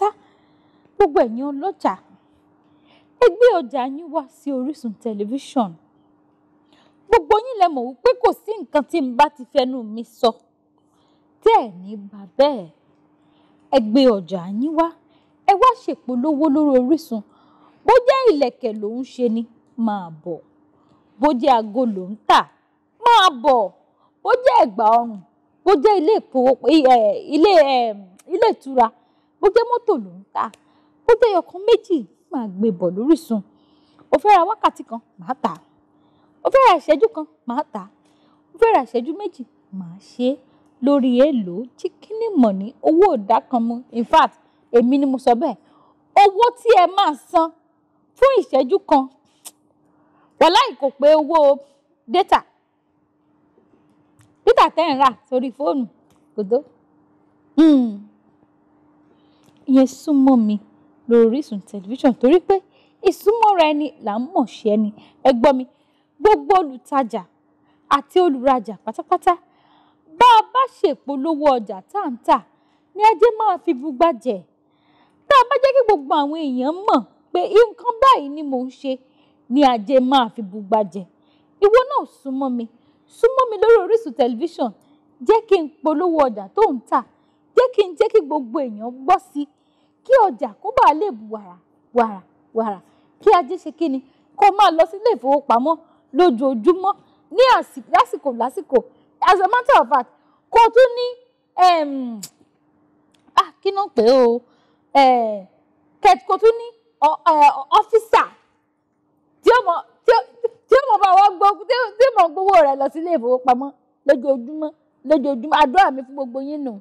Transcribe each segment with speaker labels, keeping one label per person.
Speaker 1: pátápátá gbogbo ẹ̀yin ọlọ́jà ẹ gbé ọjà yín wá sí Orísun tẹlifíṣàn gbogbo yín lẹ mọ̀ wípé kò sí nǹkan tí n bá ti fẹnu mi sọ tẹ́ ẹ̀ ní bá bẹ́ẹ̀ ẹ gbé ọjà yín wá ẹ wá ṣèpolówó lórí Orísun bó jẹ́ ṣe ni máa bọ̀ bó jẹ́ aago tà máa bọ̀ bó jẹ́ ẹ̀gbà ọrùn bó jẹ́ bó jẹ́ mọ́tò ló ń ta bó jẹ́ ọkàn méjì máa gbé bọ̀ lórísun o fẹ́ ra wákàtí kan màá tà o fẹ́ ra ìṣẹ́jú kan màá tà o fẹ́ ra ìṣẹ́jú méjì màá ṣe é lórí èèlò chikinni money owó òdá kan mu in fact èmi ni mo sọ bẹ́ẹ̀ owó tí ẹ máa san fún ìṣẹ́jú kan wàláì kò pé owó data data tẹ́ ń rà sórí fóònù kò tó. Hmm yẹn súnmọ́ mi lórí Orísun tẹlifíṣàn torí pé ìsúnmọ́ra ẹni là ń mọ̀ ṣe ẹni ẹ mi gbogbo olùtajà àti olùrajà pátápátá bá a bá ṣèpolówó ọjà tá à ń tà ní ajé máa fi bugba jẹ tá a bá jẹ́ kí gbogbo àwọn èèyàn mọ̀ pé nǹkan báyìí ni mò ń ṣe ní ajé máa fi bugba jẹ ìwọ náà súnmọ́ mi súnmọ́ mi lórí Orísun tẹlifíṣàn jẹ́ kí n polówó ọjà tó ń tà jẹ́ kí n jẹ́ kí gbogbo èèyàn gbọ́ sí kí ọjà kó bá lè bu wàrà wàrà wàrà kí ajé ṣe kí ni kó máa lọ sí ilé ìfowópamọ́ lójoojúmọ́ ní lásìkò lásìkò as a matter of fact kó tún ní ah kí ló ń pè ó eh, kó tún ní eh, ọ́fíìsà tí ó mọ tí ó mọ bá wọ́n gbọ́ tí ó mọ gbowó rẹ̀ lọ sí ilé ìfowópamọ́ lójoojúmọ́ lójoojúmọ́ àdúrà mi fún gbogbo yín nù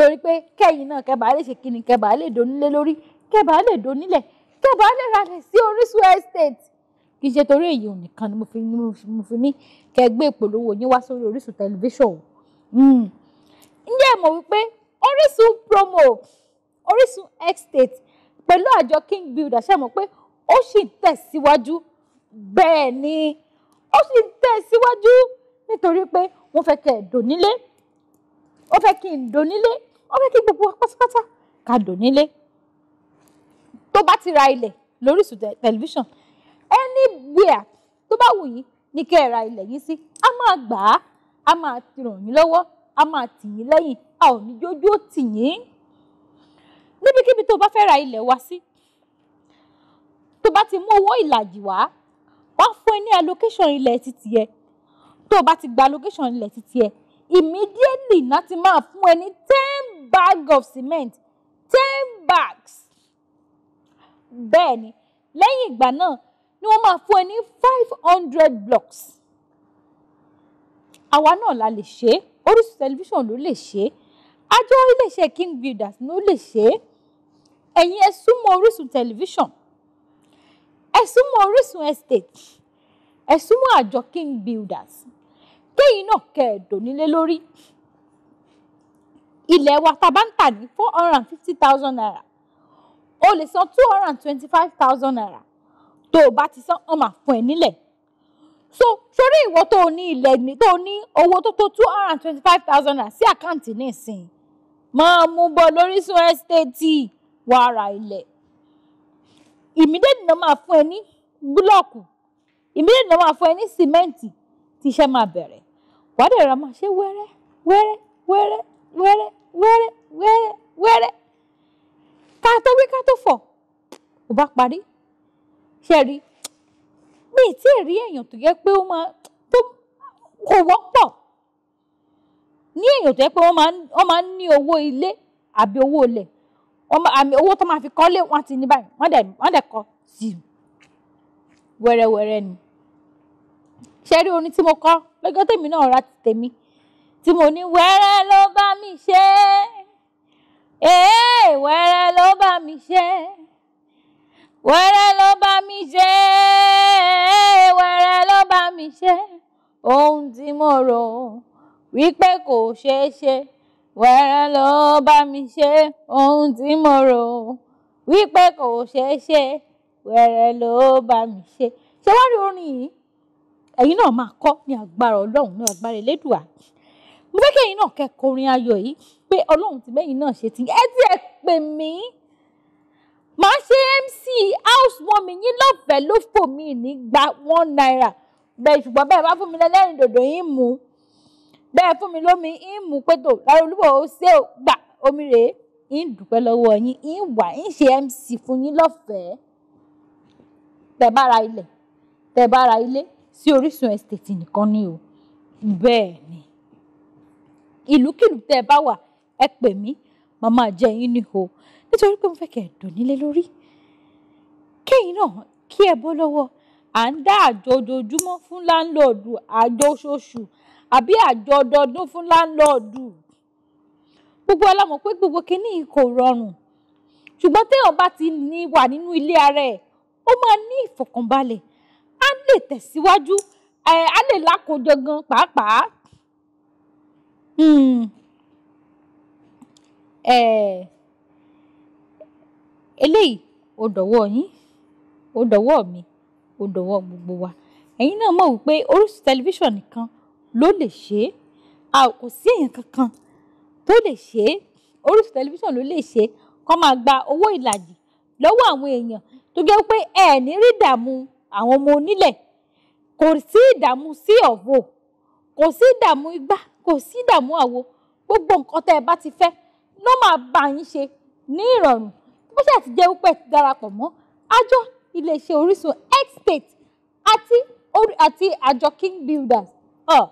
Speaker 1: torí pé kẹ́yìn náà kẹbà lè ṣe kíni kẹbà lè donílé lórí kẹbà lè donílẹ̀ kẹbà lè ralẹ̀ sí Orísun estate kì í ṣe torí èyí ò nìkan ni mo fi mo fi ní kẹ gbé ìpolówó yín wá sórí Orísun tẹlifíṣọ̀n hmm. ǹjẹ́ ẹ mọ̀ wípé Orísun promo Orísun estate pẹ̀lú àjọ King Builder ṣe mọ̀ pé ó sì ń tẹ̀síwájú bẹ́ẹ̀ ni ó sì ń tẹ̀síwájú nítorí pé wọ́n fẹ́ kẹ́ ẹ̀ dònílé ó fẹ́ kí n dònílé ó fẹ́ kí gbogbo pátápátá ká dò nílé tó bá ti ra ilẹ̀ lórí Orísun tẹlifíṣàn anywhere tó bá wù yín ní kẹ́ ẹ ra ilẹ̀ yín sí a máa gbà á a máa ràn yín lọ́wọ́ a máa tì yín lẹ́yìn a ò ní jójú ó tì yín níbikíbi tó bá fẹ́ ra ilẹ̀ wa sí tó bá ti mú owó ìlàjì wá wọ́n fún ẹ ní allocation ilẹ̀ títì ẹ tó o bá ti gba allocation ilẹ̀ títì ẹ immediately náà ti máa fún ẹ ní ten bag of cement ten bags bẹ́ẹ̀ ni lẹ́yìn ìgbà náà ni wọ́n máa fún ẹ ní five hundred blocks àwa náà la lè ṣe Orísun tẹlifíṣàn ló lè ṣe àjọ iléeṣẹ́ King Builders ló lè ṣe ẹ̀yin ẹ súnmọ́ Orísun tẹlifíṣàn ẹ súnmọ́ Orísun estate ẹ súnmọ́ àjọ King Builders kéyìn náà kẹ́ ẹ̀ dònílé lórí ilẹ̀ wa tá a bá ń tà ní four hundred and fifty thousand naira o lè san two hundred and twenty five thousand naira tó o bá ti san wọn máa fún nílẹ̀ so sórí ìwọ tó o ní ilẹ̀ ní tó o ní owó tó tó two hundred and twenty five thousand naira sí àkáǹtì nísìnyí máa mú bọ̀ lórísun ẹ́stéètì wàá ra ilẹ̀ ìmídẹ́ẹ̀dì náà máa fún ẹ ní búlọ́ọ̀kù ìmídẹ́ẹ̀dì náà máa fún ẹ ní sìmẹ́ǹtì tíṣẹ́ máa bẹ̀rẹ̀ wàá dẹ̀ ra máa ṣe wẹ́rẹ́ wẹ́rẹ́ wẹ́rẹ́ wẹ́rẹ́ wẹ́rẹ́ wẹ́rẹ́ wẹ́rẹ́ ká tó wí ká tó fọ̀ kò bá parí ṣe rí mi ì tí ì rí èèyàn tó yẹ pé ó máa tó kò wọ́pọ̀ ní èèyàn tó yẹ pé wọ́n máa ń ní owó ilé àbí owó ilẹ̀ àmì owó tó máa fi kọ́lé wọ́n ti ní báyìí wọ́n dẹ̀ kọ́ sí wẹ́rẹ́wẹ́rẹ́ ni ṣe rí orin tí mo kọ lọ́jọ́ tèmi náà ra tèmi tí mo ní wẹ́rẹ́ ló bá mi ṣe ee wẹ́rẹ́ ló bá mi ṣe wẹ́rẹ́ ló bá mi ṣe wẹ́rẹ́ ló bá mi ṣe ohun tí mo rò wípé kò ṣeé ṣe wẹ́rẹ́ ló bá mi ṣe ohun tí mo rò wípé kò ṣeé ṣe wẹ́rẹ́ ló bá mi ṣe ṣé wá rí orin yìí ẹ̀yin náà máa kọ ní agbára Ọlọ́run ní agbára Elédùà mo fẹ́ kẹ́yìn náà kẹ́kọrin ayọ̀ yìí pé ọlọ́run ti bẹ́yìn náà ṣe ti ẹ ti ẹ pè mí màá ṣe mc housewarming yín lọ́fẹ̀ẹ́ ló fò mí ní gba one naira bẹ́ẹ̀ ṣùgbọ́n bẹ́ẹ̀ bá fún mi lẹ́lẹ́rìn dòdò yín mú bẹ́ẹ̀ fún mi lómi yín mú pétò lára olúbọ̀ ó ṣe gbà omi rèé yín dúpẹ́ lọ́wọ́ yín yín wà yín ṣe mc fún yín lọ́fẹ̀ẹ́ tẹ́ bá ilẹ̀ tẹ́ bá ilé sí Orísun estate nìkan ni o bẹ́ẹ̀ ni ìlúkìlú tẹ́ ẹ bá wà ẹ pè mí màmá jẹ́ yín ni o nítorí pé mo fẹ́ kẹ́ ẹ dùn nílé lórí kéyìn náà kí ẹ bọ́ lọ́wọ́ à ń dá àjọ ojoojúmọ́ fún láńlọ́ọ̀dù àjọ oṣooṣù àbí àjọ ọdọọdún fún láńlọ́ọ̀dù gbogbo alámọ̀ pé gbogbo kínní kò rọrùn ṣùgbọ́n téèyàn bá ti ní wà nínú ilé ara ẹ̀ ó máa ní ìfọ̀kànbalẹ̀ á lè tẹ̀síwájú á lè lákòjọ gan pàápàá um um eléyìí ó dọ̀wọ́ yín ó dọ̀wọ́ mi ó dọ̀wọ́ gbogbo wa ẹ̀yin náà mọ̀ wípé Orísun tẹlifíṣàn nìkan ló lè ṣe é a kò sí èèyàn kankan tó lè ṣe é Orísun tẹlifíṣàn ló lè ṣe é kó máa gba owó ìlàjì lọ́wọ́ àwọn èèyàn tó jẹ́ pé ẹ ní rí ìdààmú àwọn ọmọ onílẹ̀ kò sí ìdààmú sí ọ̀bọ kò sí ìdààmú igbá kò sí ìdààmú àwo gbogbo nǹkan tẹ́ ẹ bá ti fẹ́ ló máa bá yín ṣe ní ìrọ̀rùn bó ṣe àti jẹ́ wípé ti darapọ̀ mọ́ àjọ iléeṣẹ́ Orísun Estate àti àti àjọ King Builders. Uh.